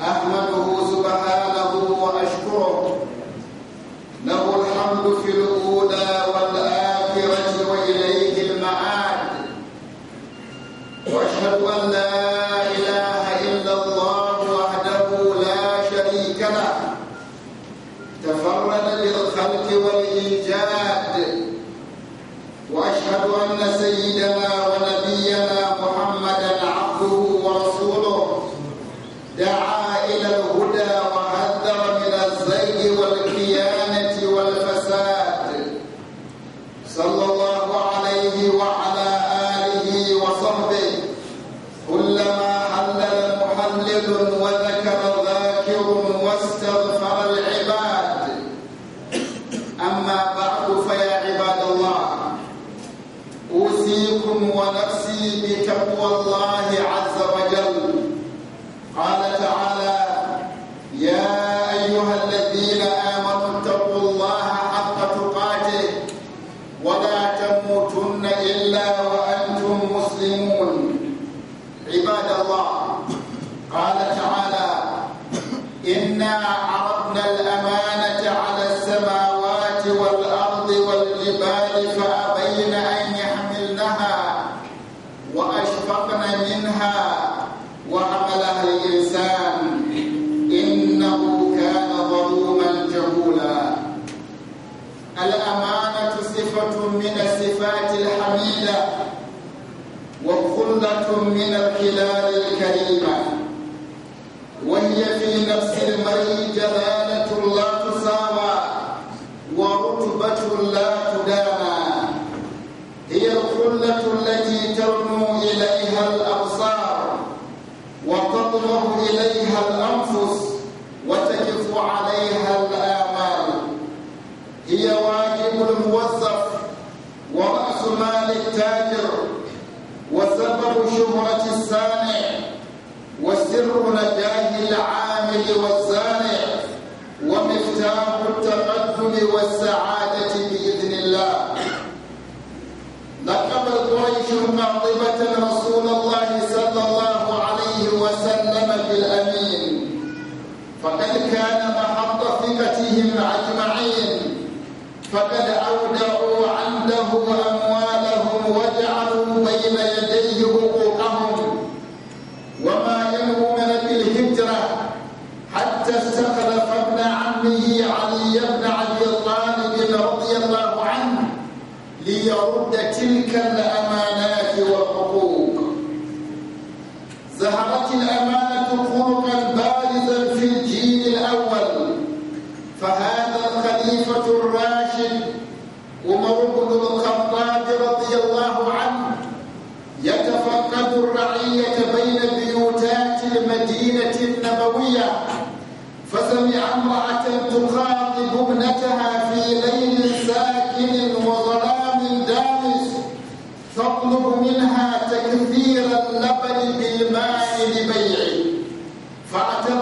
أحمد الأمانة صفة من الصفات الحميدة وخلة من الكلال الكريمة وهي في نفس المرء جلال أجمعين فقد أودعوا عنده أمرا كثير اللبن بالماء لبيعه فاعتبر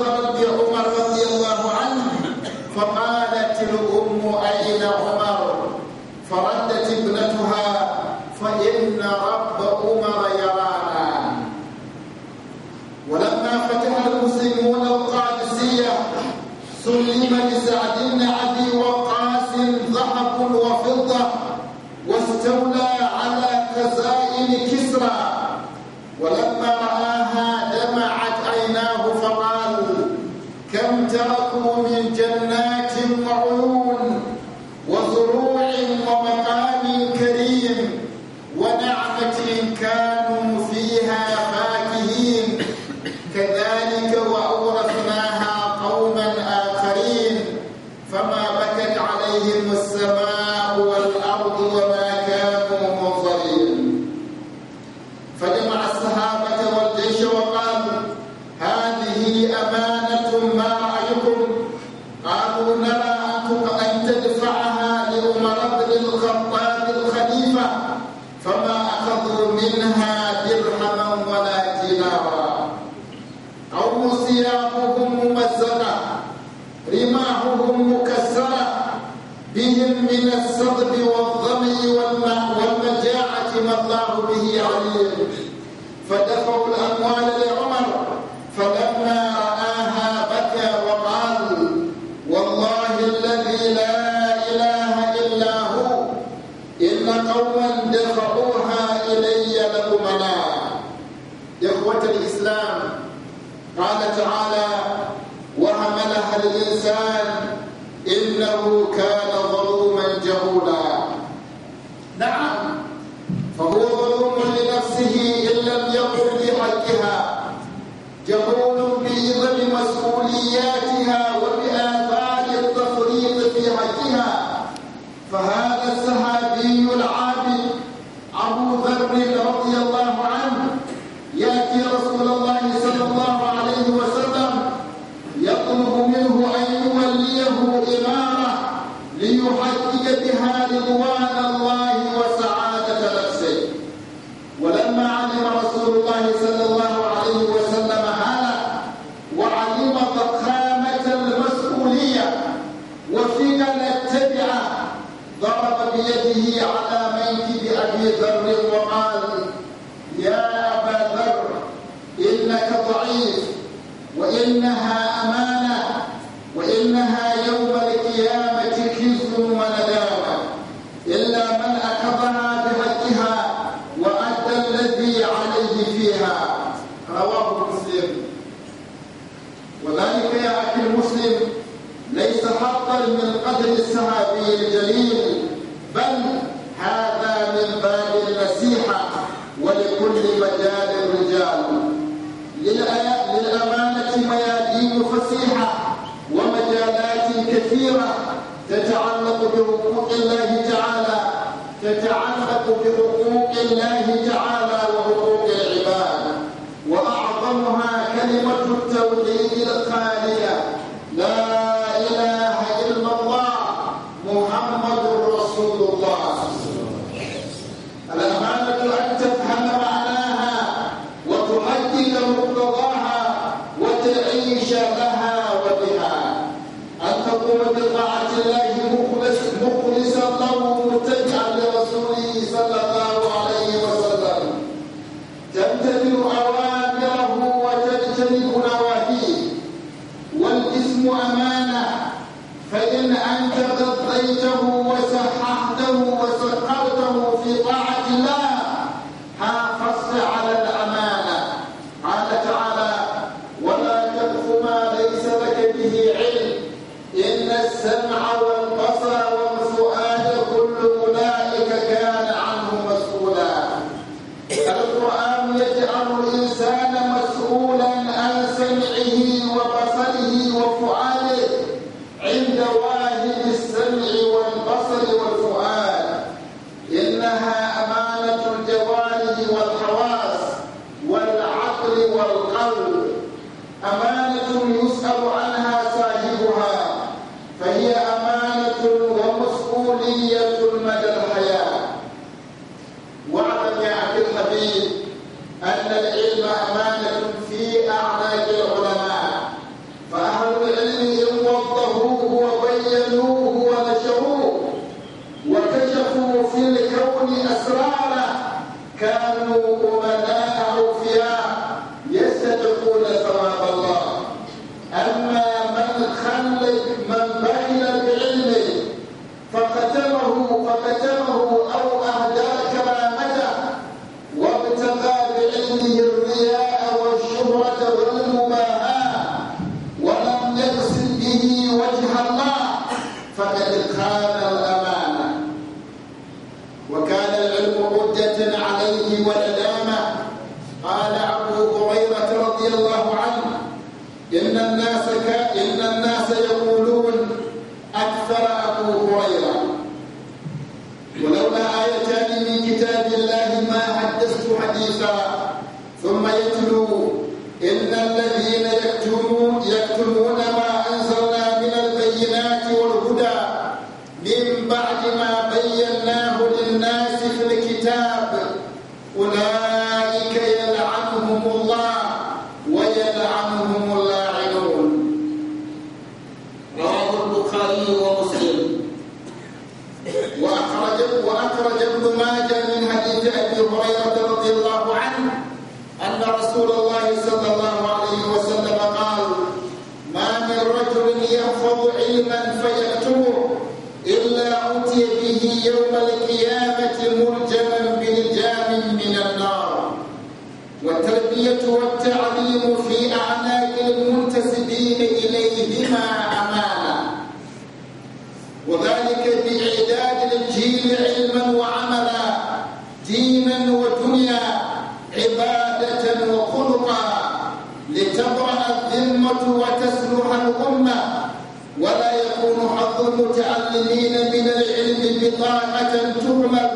طاعه تعمل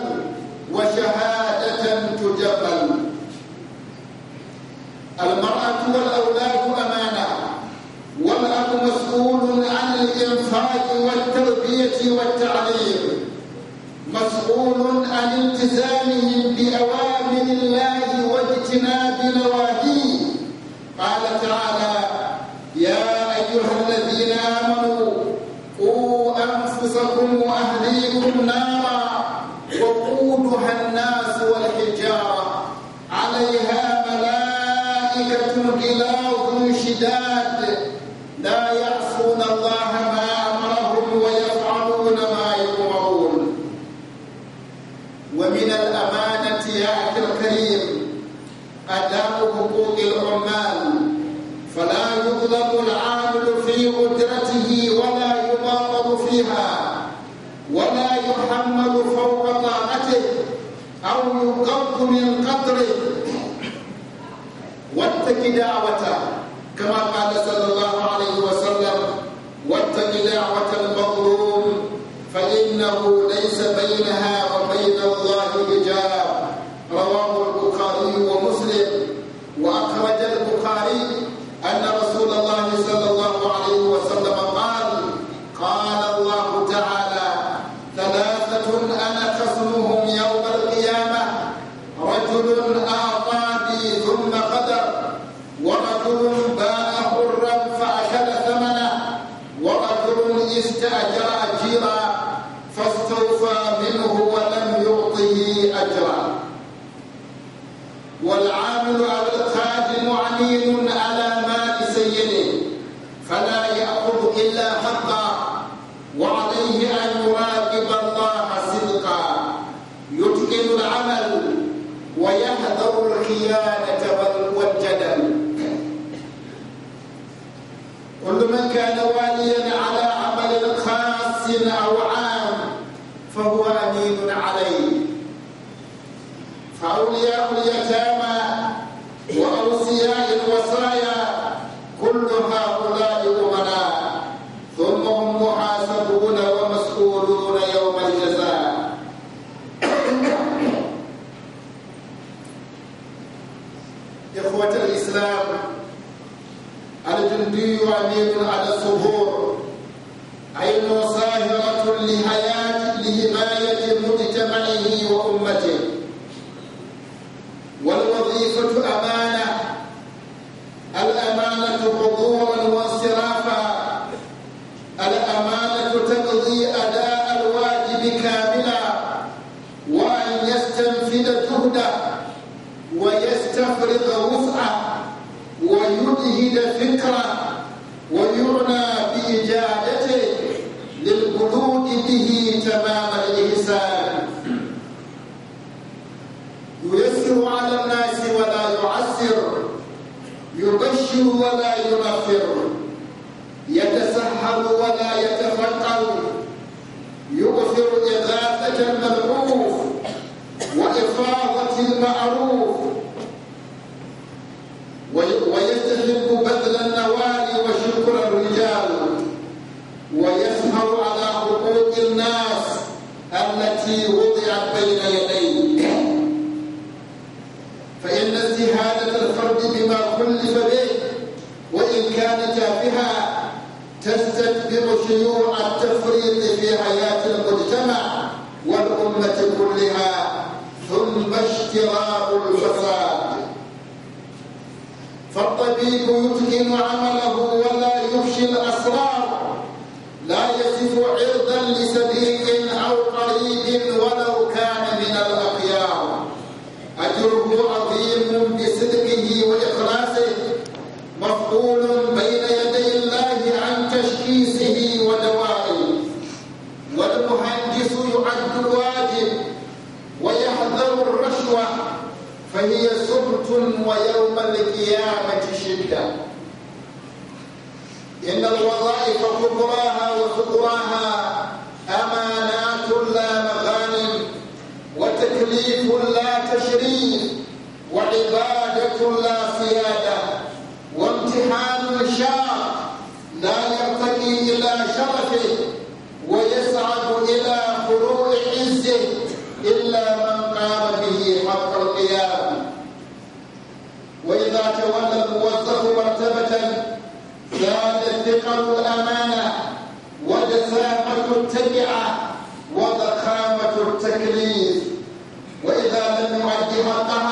وشهادة تجبل المرأة والأولاد أمانة والأب مسؤول عن الإنفاق والتربية والتعليم مسؤول عن التزامه die. ينهار ولا يتفكر يكثر إغاثة المملكة المرتجعة وضخامة التكليف وإذا لم يؤدي حقها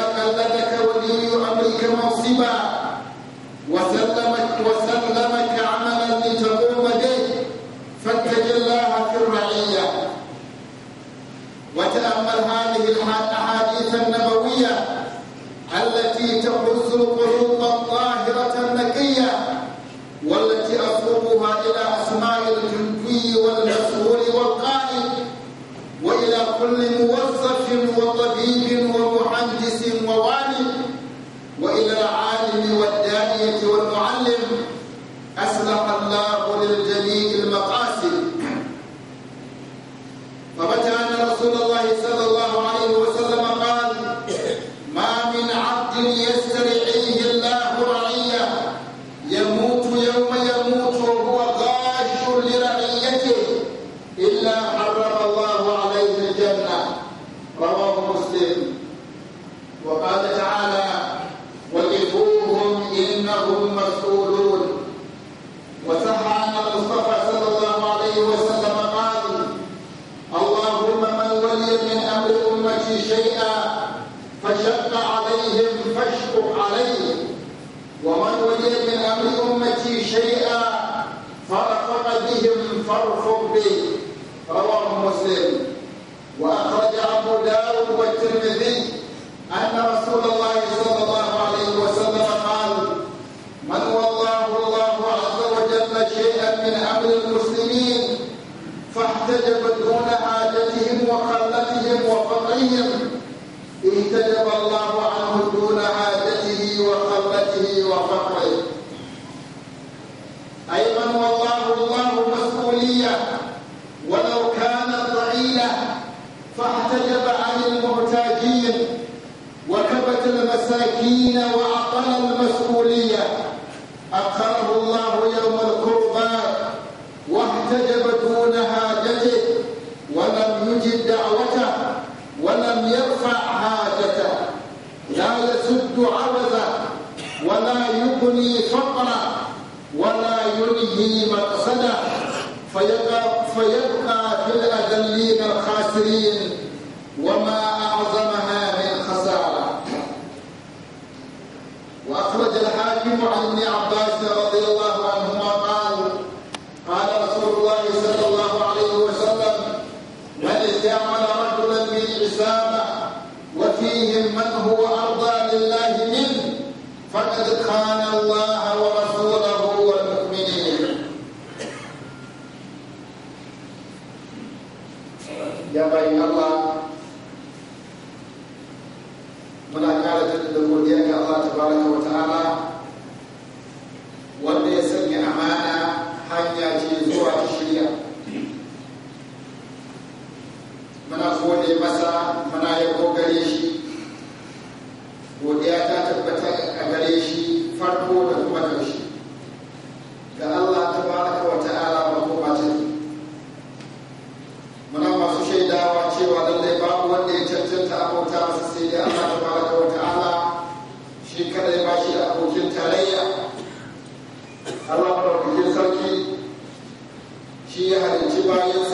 قلدك ولي امرك منصبا وسلمك وسلمك عملا لتقوم به فاتق الله في الرعيه وتامل هذه الاحاديث النبويه التي تحث القلوب المساكين وأعطانا المسؤولية أقره الله يوم القربى واحتجب دون هاجته ولم يجد دعوته ولم يرفع حاجته لا يسد عبثه ولا يغني فقره ولا يلهي مقصده فيبقى, فيبقى في الأذلين الخاسرين وما for Allah. Allah madaukakin sarki shi ya halicci bayan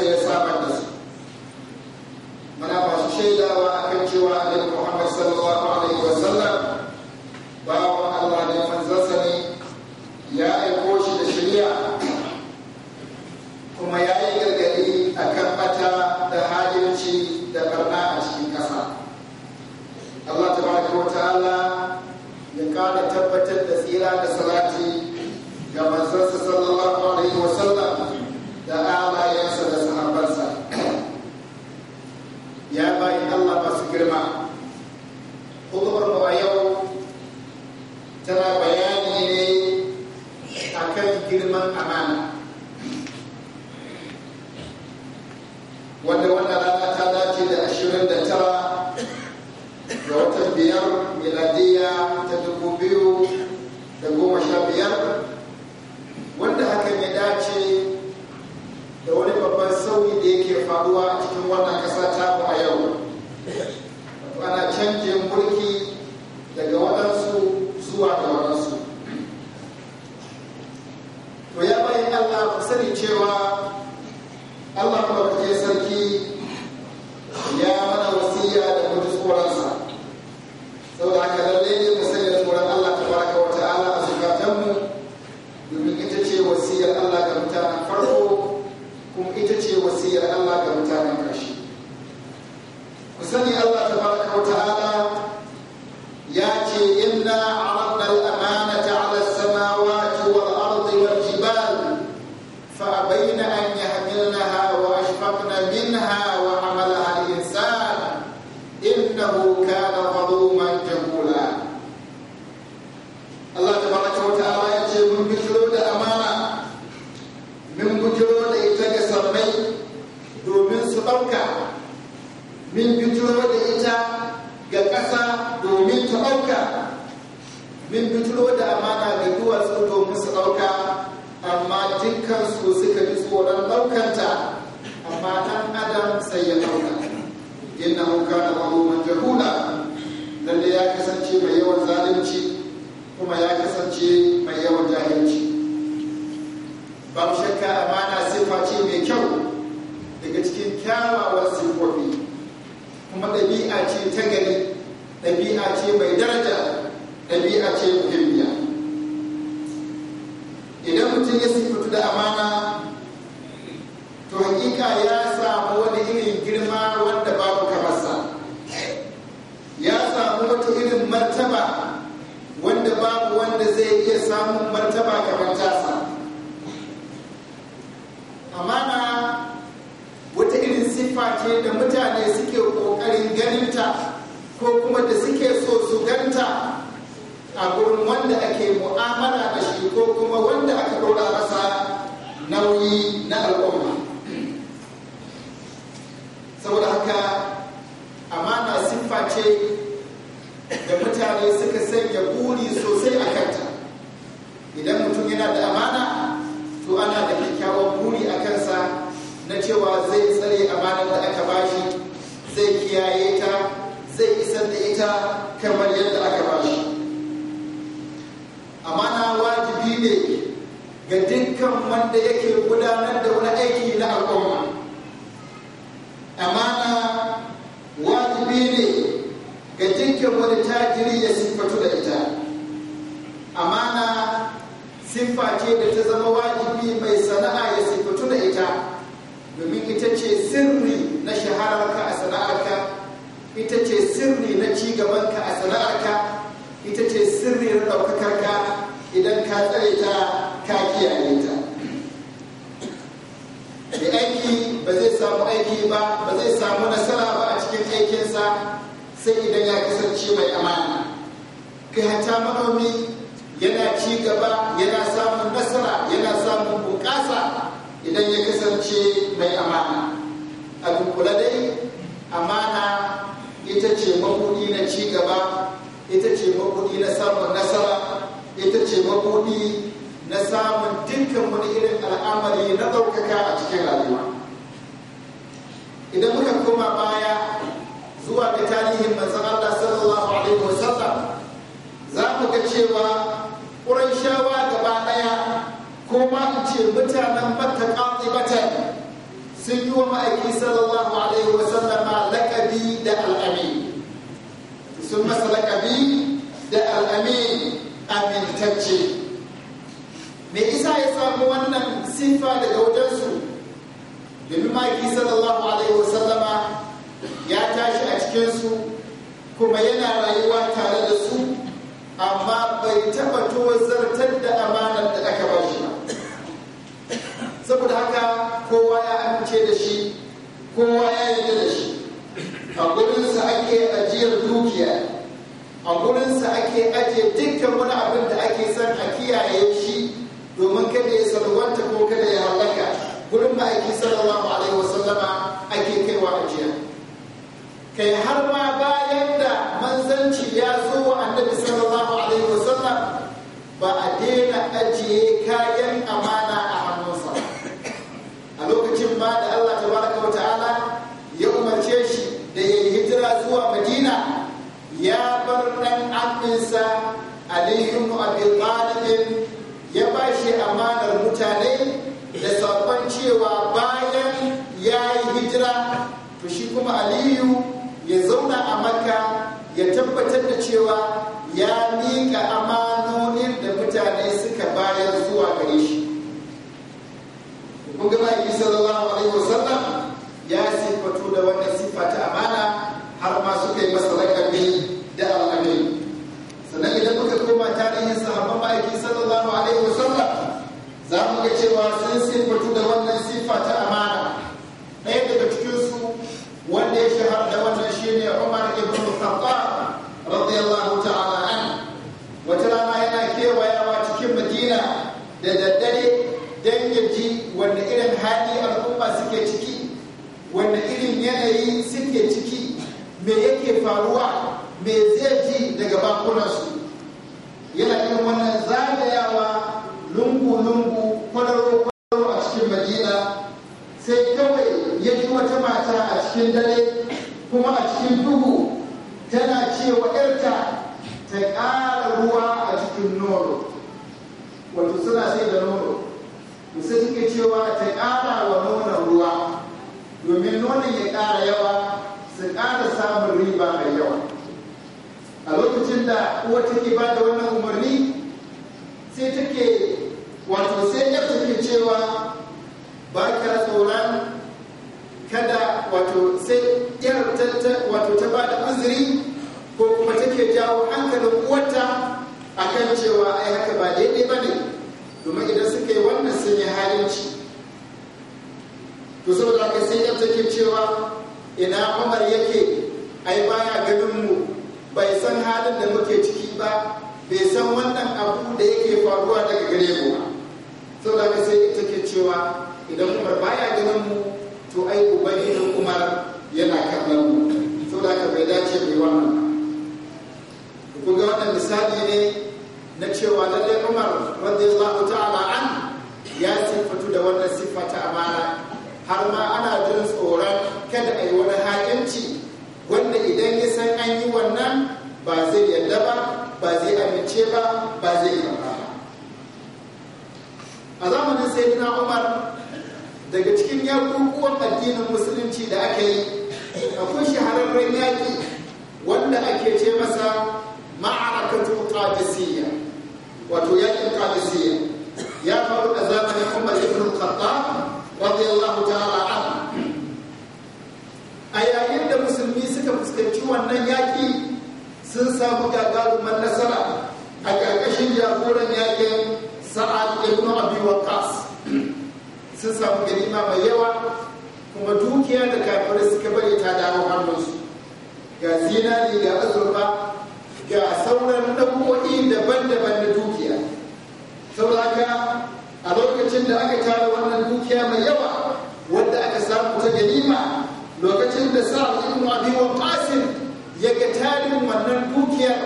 na cewa zai tsare amanar da aka bashi zai kiyaye ta zai isar da ita kamar yadda aka bashi amana wajibi ne ga dukkan wanda yake gudanar da wani aiki na al'umma amana wajibi ne ga dukkan wani tajiri ya siffatu da ita amana siffa ce da ta zama wajibi mai sana'a sirri na ci ka a sana'arka ita ce sirri na ɗaukakarka idan ka tsare ta ka kiyaye ta mai aiki ba zai samu aiki ba ba zai samu nasara ba a cikin aikinsa sai idan ya kasance mai amana kai hata manomi yana ci gaba yana samun nasara yana samun bunƙasa idan ya kasance mai amana a kula dai amana ita ce mabuɗi na ci gaba ita ce mabuɗi na samun nasara ita ce mabuɗi na samun dukkan wani irin al'amari na ɗaukaka a cikin rayuwa idan muka koma baya zuwa ga tarihin manzan Allah sallallahu alaihi wasallam za mu ga cewa shawa gaba ɗaya ko ma in ce mutanen Makka qatibatan sun yi wa ma'aiki sallallahu alaihi wasallama da al'amin sun masalaka bi da al'amin amintacce me isa ya samu wannan sifa daga wajensu domin maki sallallahu alaihi wasallama ya tashi a cikinsu kuma yana rayuwa tare da su amma bai taɓa zartar da amanar da aka ba shi saboda haka kowa ya amince da shi kowa ya yi da shi a gurinsa ake ajiyar dukiya a gurinsa ake ajiye dukkan wani abin da ake son a kiyaye shi domin kada ya salwanta ko kada ya halaka gurin ma'aiki sallallahu alaihi wasallama ake kaiwa ajiya kai har ma bayan da manzanci ya zo wa annabi sallallahu alaihi wasallam ba a daina ajiye kayan Ali ibn Abi ya ba shi amanar mutane da saƙon cewa bayan ya yi hijira to shi kuma Aliyu ya zauna a Makka ya tabbatar da cewa ya miƙa amanonin da mutane suka bayar zuwa gare shi. Kun gama sallallahu alaihi wasallam ya sifatu da wannan sifata ta amana har ma suka yi masa ga cewa sun siffatu da wannan siffa ta amana ɗaya daga cikinsu wanda ya shahar da wannan shi ne umar ibn khattab radiyallahu ta'ala an wata rana yana kewayawa cikin madina da daddare don ya wanda irin hali al'umma suke ciki wanda irin yanayi suke ciki me yake faruwa me zai ji daga bakunansu yana irin wannan zagayawa lungu-lungu kwararo a cikin madina sai kawai ya ji wata mata a cikin dare kuma a cikin duhu tana cewa yarta ta ƙara ruwa a cikin nono wato suna sai da nono sai suke cewa ta ƙara wa nonon ruwa domin nonon ya ƙara yawa su ƙara samun riba mai yawa a lokacin da uwa take ba da wannan umarni sai take wato sai ya tafi cewa ba ka tsoron kada wato sai yar wato ta ba da uzuri ko kuma take jawo hankalin uwarta akan cewa ai haka ba daidai ba ne domin idan suka yi wannan sun yi halinci to saboda haka sai yar take cewa ina umar yake ai baya ganin mu bai san halin da muke ciki ba bai san wannan abu da yake faruwa daga gare mu ba sau da sai ita ke cewa idan umar baya ganin mu to ai ubangijin umar yana karɓar mu sau da bai dace bai wannan ku ga wannan misali ne na cewa lallai umar radiyallahu ta'ala an ya siffatu da wannan siffa ta mara har ma ana jin tsoron kada a yi wani hakinci wanda idan ya san an yi wannan ba zai yarda ba ba zai amince ba ba zai yi ba a zamanin sayyidina umar daga cikin yakukuwan addinin musulunci da aka yi akwai shahararren yaƙi wanda ake ce masa ma'arakatu qadisiyya wato yaƙin qadisiyya ya faru a zamanin umar ibn khattab radiyallahu ta'ala tara? a yayin da musulmi suka fuskanci wannan yaki sun samu gagarumar nasara a ƙarƙashin jagoran yakin sa'ad ibn abi waqas sun samu ganima mai yawa kuma dukiya da kafirai suka bari ta dawo hannunsu ga zinari ga azurfa ga sauran ɗauko'i daban-daban na dukiya saboda haka a lokacin da aka tara wannan dukiya mai yawa wanda aka samu ta ganima lokacin da sa ibn abi waqasim ya ga tarin wannan dukiyar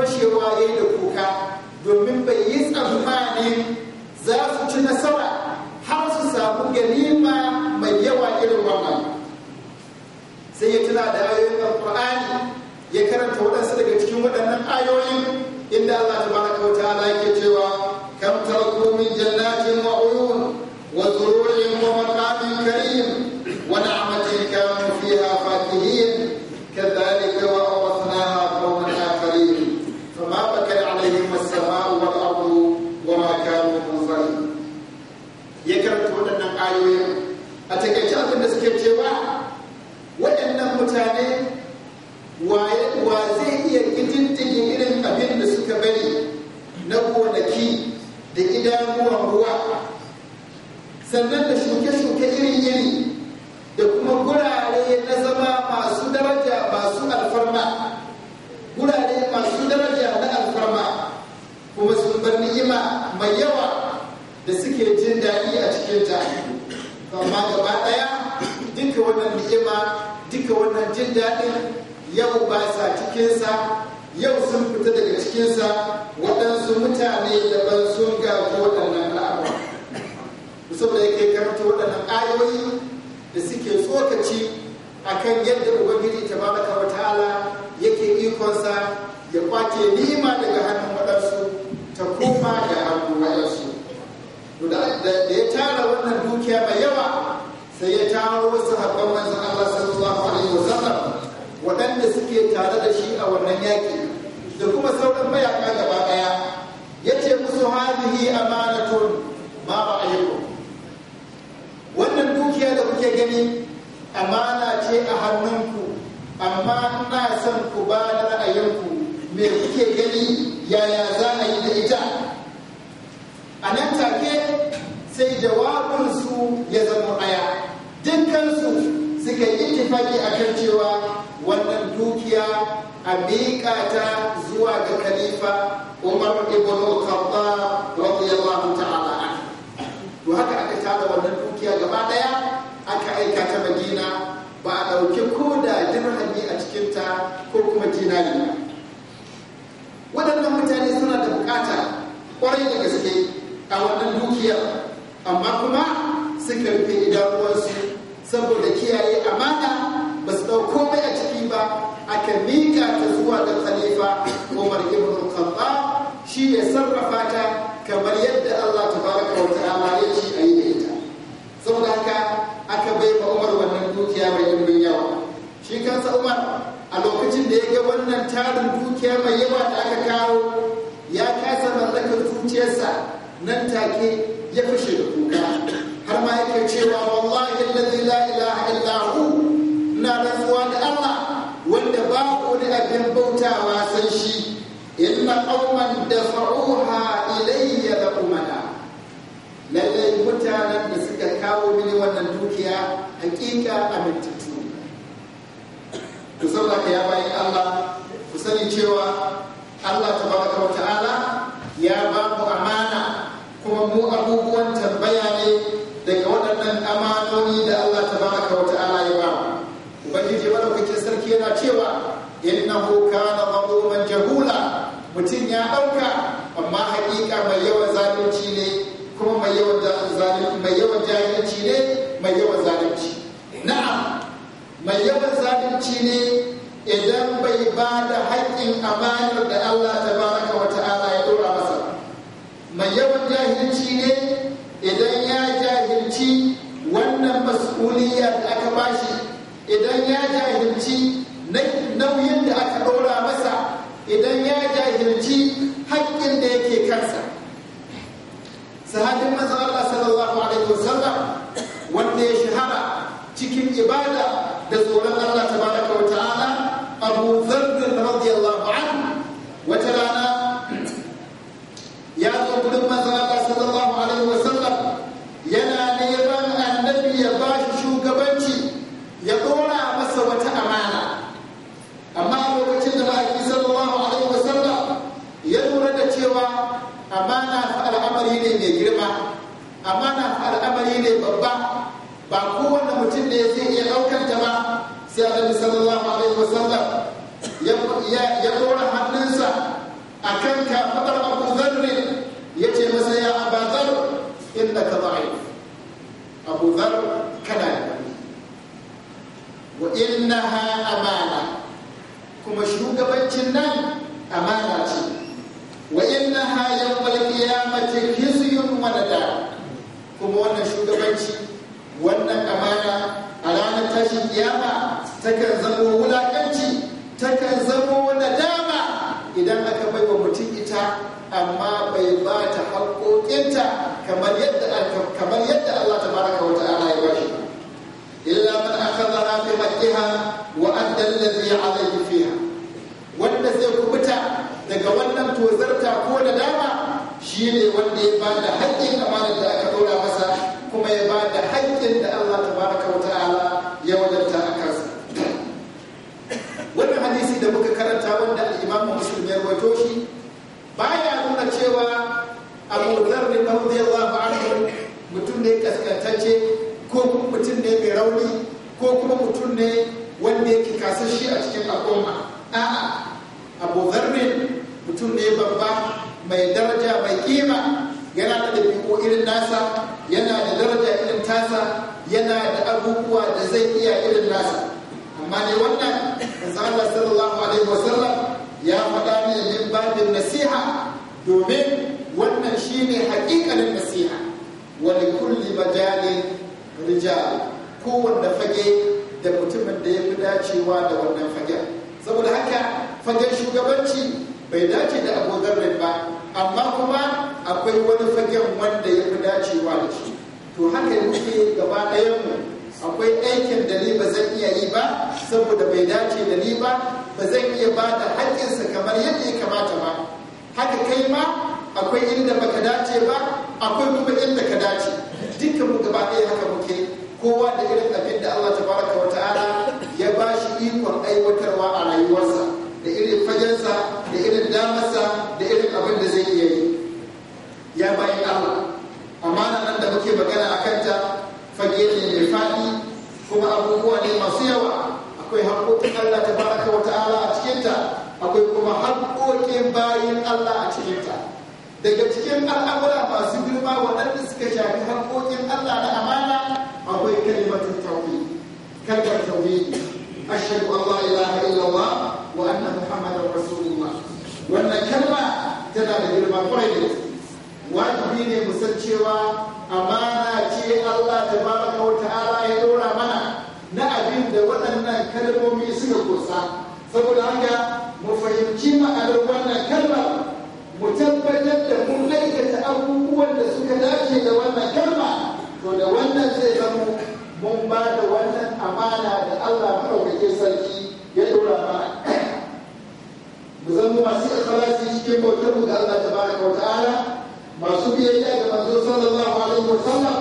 fashewa yayi da kuka domin bai yi tsammanin za su ci nasara har su samu ganima mai yawa irin wannan sai ya tuna da ayoyin alkur'ani ya karanta waɗansu daga cikin waɗannan ayoyin inda Allah ta kauta ala yake cewa kam komin min jannatin wa uyun wa zururin wa maqamin karim wa idanuwan ruwa sannan da shuke-shuke iri-iri da kuma gurare na zama miƙa ta zuwa ga khalifa umar ibn khattab shi ya sarrafa ta kamar yadda Allah tabaraka wa ta'ala ya ce a yi da ita saboda haka aka bai wa umar wannan dukiya mai ɗimbin yawa shi kansa umar a lokacin da ya ga wannan tarin dukiya mai yawa da aka kawo ya kasa mallakar zuciyarsa nan take ya fushe da kuka har ma yake cewa wallahi alladhi la ilaha illa abin bautawa sai shi inna qauman dafa'uha ilayya na lallai mutanen da suka kawo mini wannan dukiya hakika ku to ka ya bayan Allah ku sani cewa Allah tabaraka wa ta'ala ya ba mu amana kuma mu abubuwan tambaya ne ya ɗauka amma hakika mai yawan zalunci ne kuma mai yawan jahilci ne mai yawan zalunci na'am mai yawan zalunci ne idan bai ba da haƙƙin amanar da Allah ta baraka wa ta'ala ya dora masa mai yawan jahilci ne idan ya jahilci wannan mas'uliyya da aka bashi idan ya jahilci nauyin da aka ɗora masa idan ya jahilci haƙƙin da yake kansa sahadin manzon Allah sallallahu alaihi wasallam wanda ya shahara cikin ibada ce babba mai daraja mai kima yana da ɗabi'u irin nasa yana da daraja irin tasa yana da abubuwa da zai iya irin nasa amma ne wannan Allah sallallahu alaihi wasallam ya faɗa ne min babin nasiha domin wannan shine hakikalin nasiha wa li kulli majalin rijal wanda fage da mutumin da ya fi dacewa da wannan fagen saboda haka fagen shugabanci bai dace da abokan rai ba amma kuma akwai wani fagen wanda ya fi dacewa da shi to haka muke gaba ɗayanmu akwai aikin da ni ba zan iya yi ba saboda bai dace da ni ba ba zan iya ba da haƙƙinsa kamar yadda ya kamata ba haka kai ma akwai inda baka dace ba akwai kuma inda ka dace dukkan mu gaba ɗaya haka muke kowa da irin abin da Allah ta wa ta'ala ya bashi ikon aiwatarwa a rayuwarsa da irin fajensa da irin damarsa da irin abin da zai iya yi ya bayi Allah amana nan da muke magana a kanta fage ne mai faɗi kuma abubuwa ne masu yawa akwai haƙoƙin Allah ta baraka wa ta'ala a cikinta akwai kuma haƙoƙin bayin Allah a cikinta daga cikin al'amura masu girma waɗanda suka shafi haƙoƙin Allah na amana akwai kalimatun tauhid kalmar tauhid ashhadu an la ilaha illallah wa anna muhammadar rasulullah wannan kalma tana da girma kwarai wajibi ne mu san cewa amana ce Allah ta wa ta'ala ya dora mana na abin da waɗannan kalmomi suka kusa saboda haka mu fahimci ma'anar wannan kalma mu tabbatar da mun aikata abubuwan da suka dace da wannan kalma to da wannan zai zamo mun ba da wannan amana da Allah maɗaukakin sarki subhanahu wa ta'ala masu biyayya ga manzo sallallahu alaihi wa sallam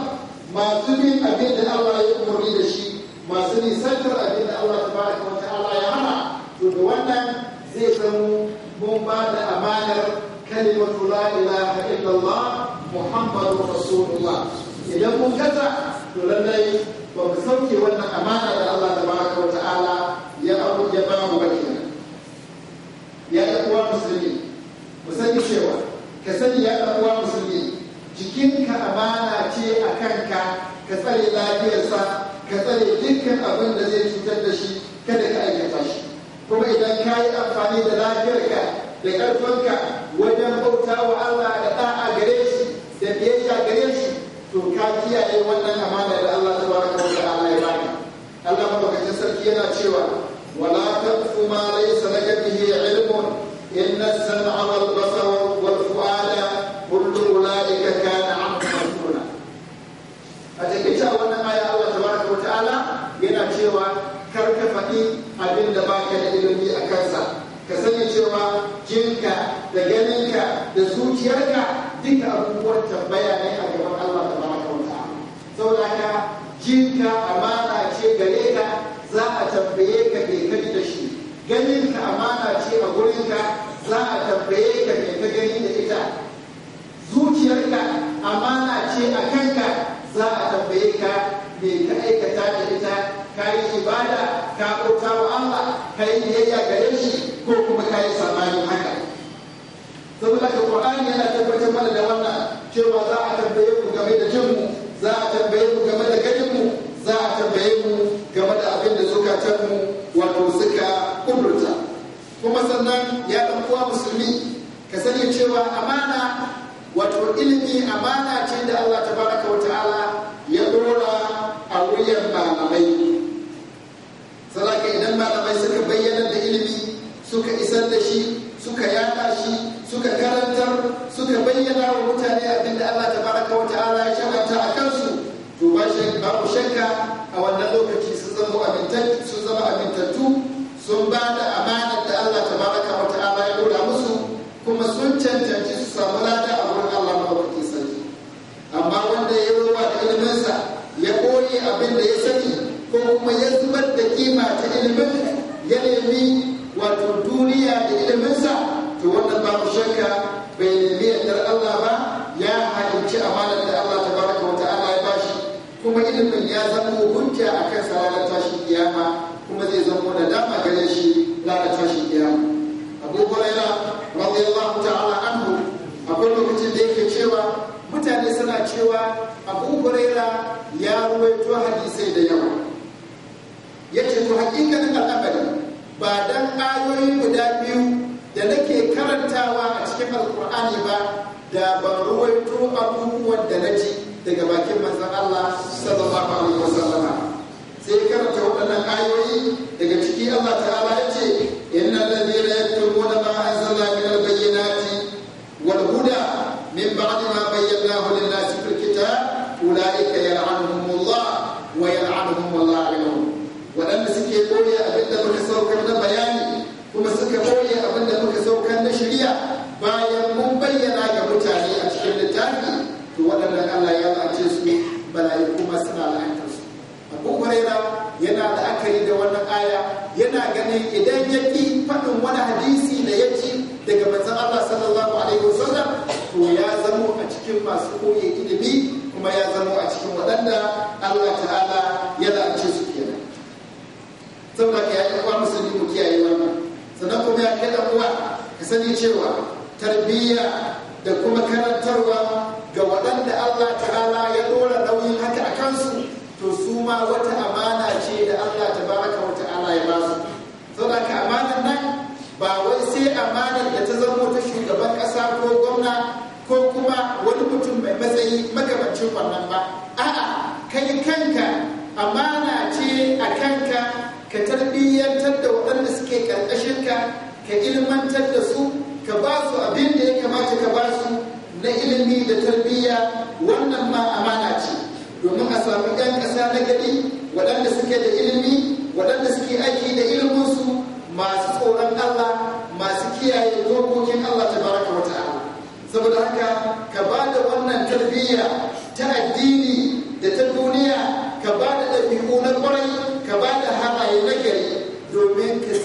masu bin abin da Allah ya umarni da shi masu nisantar abin da Allah tabaraka wa ta'ala ya hana to da wannan zai zamo mun ba da amanar kalimatu la ilaha illallah muhammadu rasulullah idan mun kaza to lallai ba mu sauke wannan amana da Allah tabaraka wa ta'ala ya abu ya ba mu ba kenan ya ɗan uwa musulmi mu sani cewa ka sani ya ɗan'uwa uwa musulmi jikinka amana ce a kanka ka tsare lafiyarsa ka tsare dukkan abin da zai cutar da shi kada ka aikata shi kuma idan ka yi amfani da lafiyarka da ƙarfinka wajen bauta wa Allah da ɗa'a gare shi da biyayya gare shi to ka kiyaye wannan amana da Allah tabaraka wa Allah ya baka Allah madaukakin sarki yana cewa wala ta kuma laysa laka bihi ilmun inna sama wal basara zuciyarka duka abubuwan tambaya ne a gaban Allah da baraka wa ta'ala saboda ka jinka amana ce gare ka za a tambaye ka me ka da shi ganin ka amana ce a gurin ka za a tambaye ka me ka gani da ita zuciyarka amana ce a kanka za a tambaye ka me ka aikata da ita ka yi ibada ka bauta wa Allah ka yi biyayya gare shi ko kuma ka yi samanin haka saboda ka qur'ani yana tabbatar mana da wannan cewa za a tambaye mu game da jin za a tambaye mu game da ganin za a tambaye mu game da abin da suka wato suka ƙudurta kuma sannan ya dan uwa musulmi ka sani cewa amana wato ilimi amana ce da Allah tabaraka wa ta'ala ya dora a wuyan malamai Salaka idan malamai suka bayyana da ilimi suka isar da shi suka yada shi suka karantar suka bayyana wa mutane abin da Allah ta baraka wa ta'ala ya sharanta a kansu to ba shi babu shakka a wannan lokaci sun zama amintattu sun zama amintattu sun ba da amanar da Allah ta tabaraka wa ta'ala ya dora musu kuma sun cancanci su samu lada a wurin Allah ke sani. amma wanda ya yi ruwa da iliminsa ya koyi abin da ya sani ko kuma ya zubar da kima ta ilimin ya nemi wato duniya da iliminsa to wannan babu shakka bai nemi yardar Allah ba ya halicci amanar da Allah ta baraka wa ta'ala ya bashi kuma ilimin ya zama hukunta a kan ranar tashin kiyama kuma zai zama da dama gare shi ranar tashin kiyama abu huraira radiyallahu ta'ala anhu akwai lokacin da yake cewa mutane suna cewa abu huraira ya ruwaito hadisai da yawa yace ce to hakikanin al'amari ba dan ayoyi guda biyu da nake karantawa a cikin alkur'ani ba da ban ruwaito abubuwan da na ji daga bakin manzon Allah sallallahu alaihi wasallama sai karanta waɗannan ayoyi daga ciki Allah ta'ala ya ce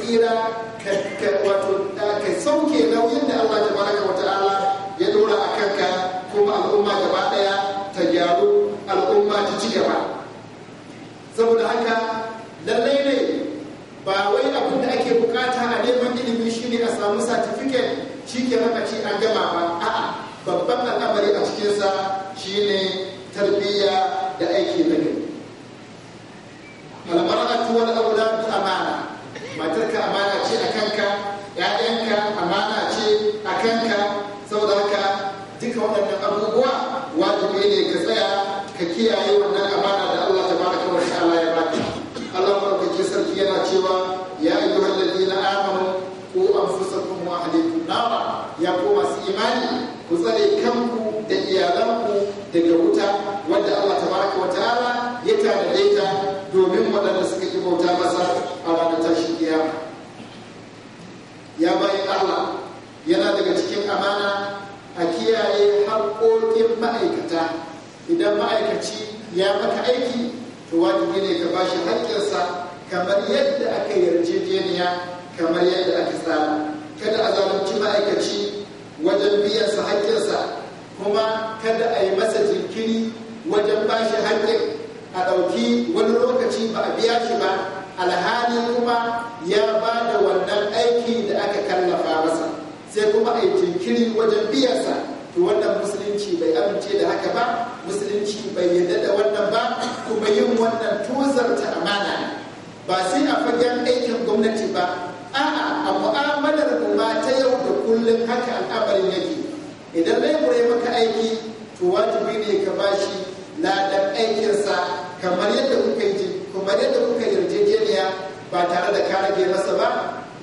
tsira ka sauke nauyin da Allah tabaraka wa ta'ala ya dora a kanka kuma al'umma gaba daya ta gyaru al'umma ta ci gaba saboda haka lallai ne ba wai abin da ake bukata a neman ilimi shine a samu certificate shi ke a ce an gama ba a'a babban al'amari a cikinsa shine tarbiyya aiki to wajibi ne ka bashi hakkinsa kamar yadda aka yarjejeniya kamar yadda aka tsara kada a zalunci ma'aikaci wajen biyan sa kuma kada a yi masa jinkiri wajen bashi hakkin a ɗauki wani lokaci ba a biya shi ba alhali kuma ya ba da wannan aiki da aka kallafa masa sai kuma a yi jinkiri wajen biyansa to wannan musulunci bai amince da haka ba musulunci bai yarda da wannan ba kuma yin wannan tozarta amana ne ba sai a fagen aikin gwamnati ba a'a a mu'amalar mu ma ta yau da kullum haka al'amarin yake idan ya maka aiki to wajibi ne ka bashi ladan aikinsa kamar yadda kuka yi kamar yarjejeniya ba tare da ka rage masa ba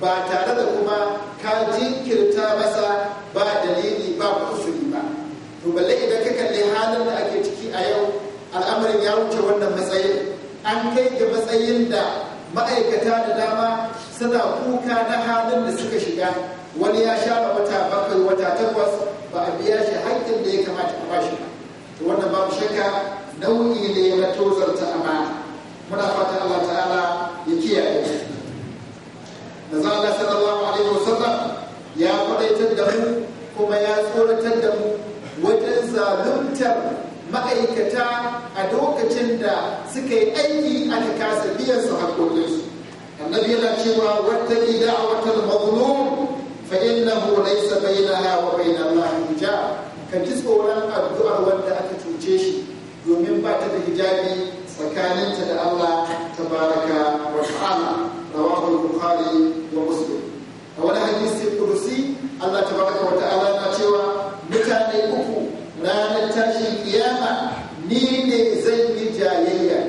ba tare da kuma ka jinkirta masa ba dalili ba to balle idan ka kalli halin da ake ciki a yau al'amarin ya wuce wannan matsayin an kai ga matsayin da ma'aikata da dama suna kuka na halin da suka shiga wani ya shafa wata bakwai wata takwas ba a biya shi haƙƙin da ya kamata a bashi ba to wannan babu shakka nau'i ne na tozarta amana muna fatan Allah ta'ala ya kiyaye da za Allah sallallahu alaihi wasallam ya kwadaitar da mu kuma ya tsoratar da mu wajen zaluntar ma'aikata a lokacin da suka yi aiki aka kasa biyan su haƙoƙinsu annabi yana cewa wata gida a watan mazlum fa innahu laysa bainaha wa bain Allah hijab ka ji tsoron addu'ar wanda aka cuce shi domin ba ta da hijabi tsakaninta da Allah tabaraka wa ta'ala rawahu al-bukhari wa muslim a wani hadisi kudusi Allah tabaraka wa ta'ala na cewa mutane uku ranar tashin kiyama ni ne zan yi jayayya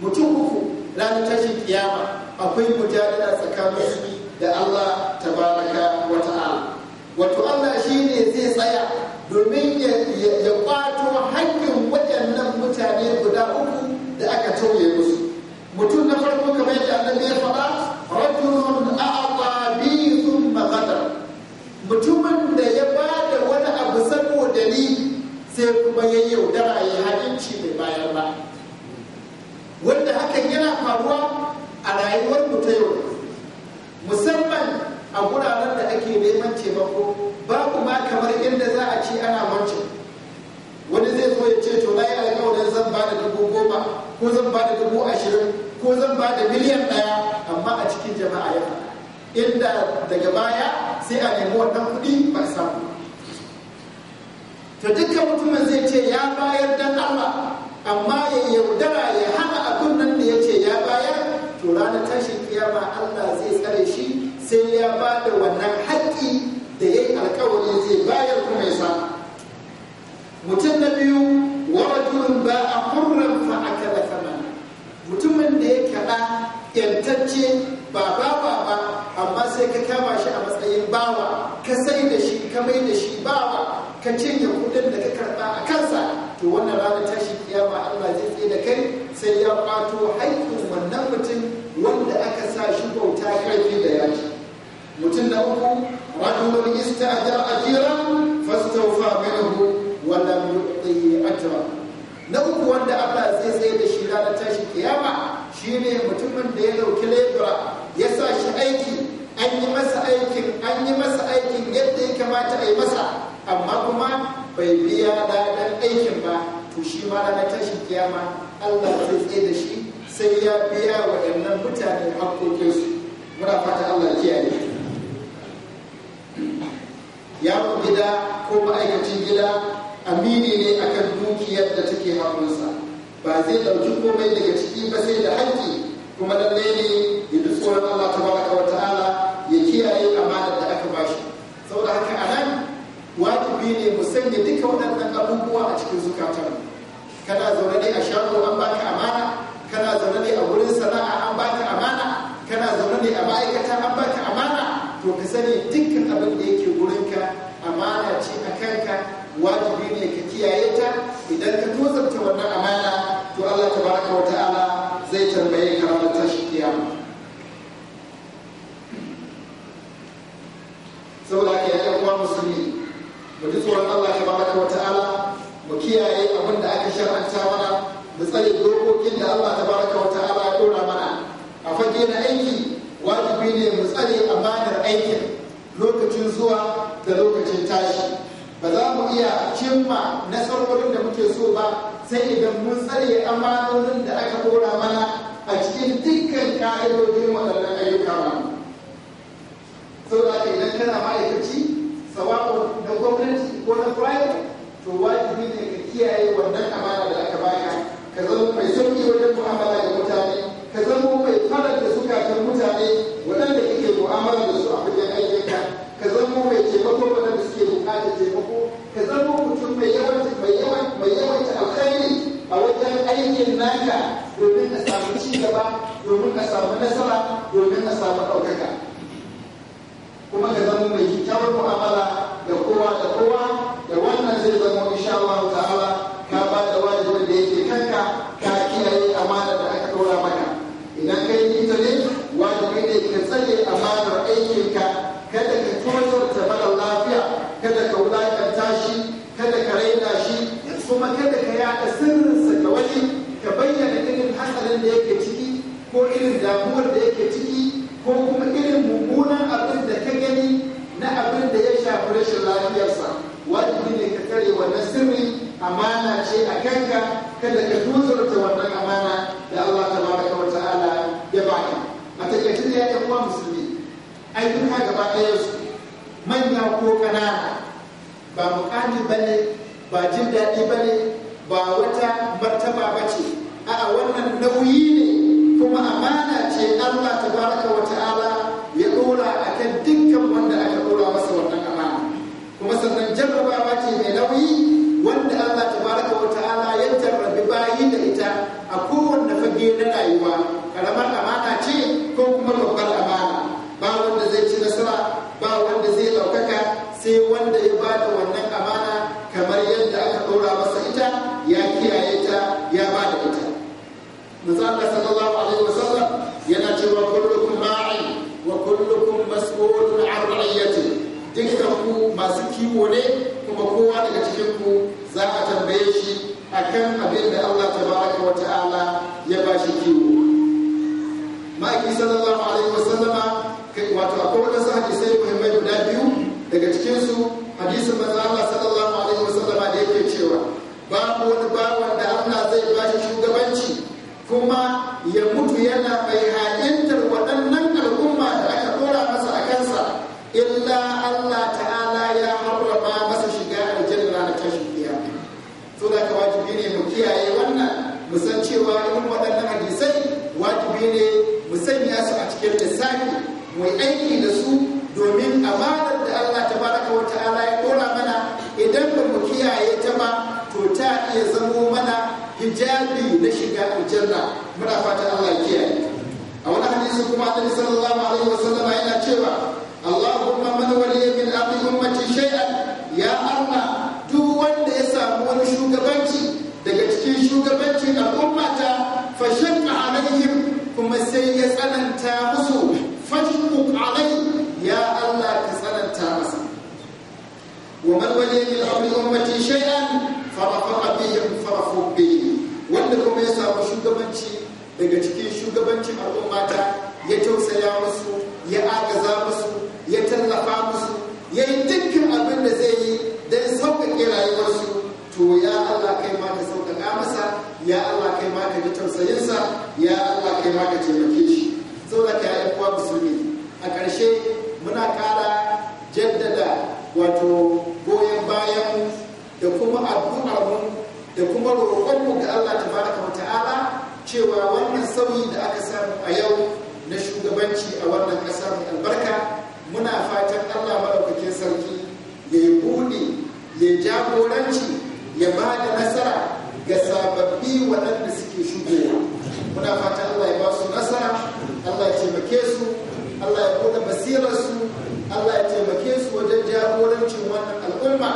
mutum uku ranar tashin kiyama akwai mujadala tsakanin da Allah tabaraka wa ta'ala wato Allah shi ne zai tsaya domin ya kwato hankin waɗannan mutane guda uku da aka tauye musu kinsu muna fata Allah kiyaye yawon gida ko ma'aikacin gida amini ne akan dukiyar da take hannunsa ba zai ɗauki komai daga ciki ba sai da haƙƙi kuma lallai ne ya ji tsoron Allah baraka wa ta'ala ya kiyaye amanar da aka bashi saboda haka a nan wajibi ne mu sanya duka waɗannan abubuwa a cikin zukatanmu kana zaune ne a shago an baka amana kana zaune ne a wurin sana'a an baka amana kana zaune ne a ma'aikata an baka amana to ka sani dukkan abin da yake ka amana ce a kanka wajibi ne ka kiyaye ta idan ka tozarta wannan amana to Allah baraka wa ta'ala zai tambaye ka ranar tashi kiyama saboda haka ya uwa musulmi mu ji tsoron Allah baraka wa ta'ala mu kiyaye abin da aka shar'anta mana mu tsare dokokin da Allah tabaraka wa ta'ala ya dora mana a fage na aiki wajibi ne mu tsare a banar aikin lokacin zuwa da lokacin tashi ba za mu iya cimma nasarorin da muke so ba sai idan mun tsare amanonin da aka kora mana a cikin dukkan ka'idodin waɗannan ayyuka ba ke idan kana ma'aikaci sawa'o na gwamnati ko na private to wajibi ne ka kiyaye wannan amana da aka baka ka zama mai sauki wajen mu'amala da mutane ka zama mai suka zukatan mutane waɗanda kake mu'amala da su a wajen aikinka ka zama mai taimako waɗanda suke buƙatar taimako ka zama mutum mai yawanci mai yawan mai yawanci alkhairi a wajen aikin naka domin ka samu ci gaba domin ka samu nasara domin ka samu ɗaukaka Cristo para ya jagoranci ya ba da nasara ga sababbi waɗanda suke shigowa muna fata Allah ya ba su nasara Allah ya taimake su Allah ya buɗe basirarsu Allah ya taimake su wajen jagorancin wannan al'umma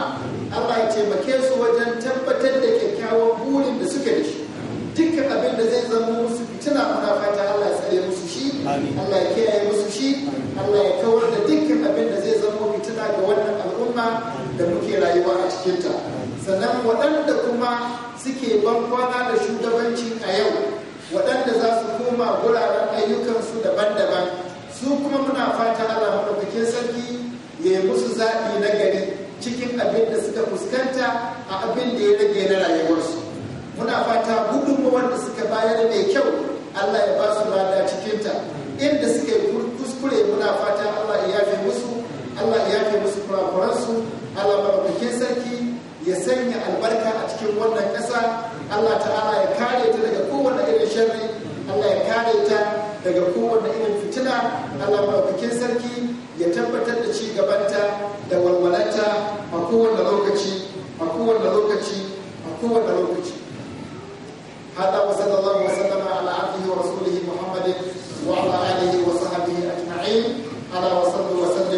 Allah ya taimake su wajen tabbatar da kyakkyawan burin da suke da shi dukkan abin da zai zama musu fitina muna fata Allah ya tsare musu shi Allah ya kiyaye musu shi Allah ya kawar da fitina ga wannan al'umma da muke rayuwa a cikinta sannan waɗanda kuma suke ban da shugabanci a yau waɗanda za su koma guraren ayyukansu daban-daban su kuma muna fata ala maɗaukakin sarki ya yi musu zaɓi na gari cikin abin da suka fuskanta a abin da ya rage na rayuwarsu muna fata gudunmu wanda suka bayar mai kyau Allah ya ba su lada cikinta inda suka yi kuskure muna fata Allah ya yafe musu Allah ya kai musu kurakuransu Allah maraukakin sarki ya sanya albarka a cikin wannan ƙasa Allah ta'ala ya kare ta daga kowane irin sharri Allah ya kare ta daga kowane irin fitina Allah maraukakin sarki ya tabbatar da ci gabanta da walwalanta a kowane lokaci a kowane lokaci a kowane lokaci هذا وصلى الله وسلم على عبده ورسوله محمد وعلى اله وصحبه اجمعين على وصلى وسلم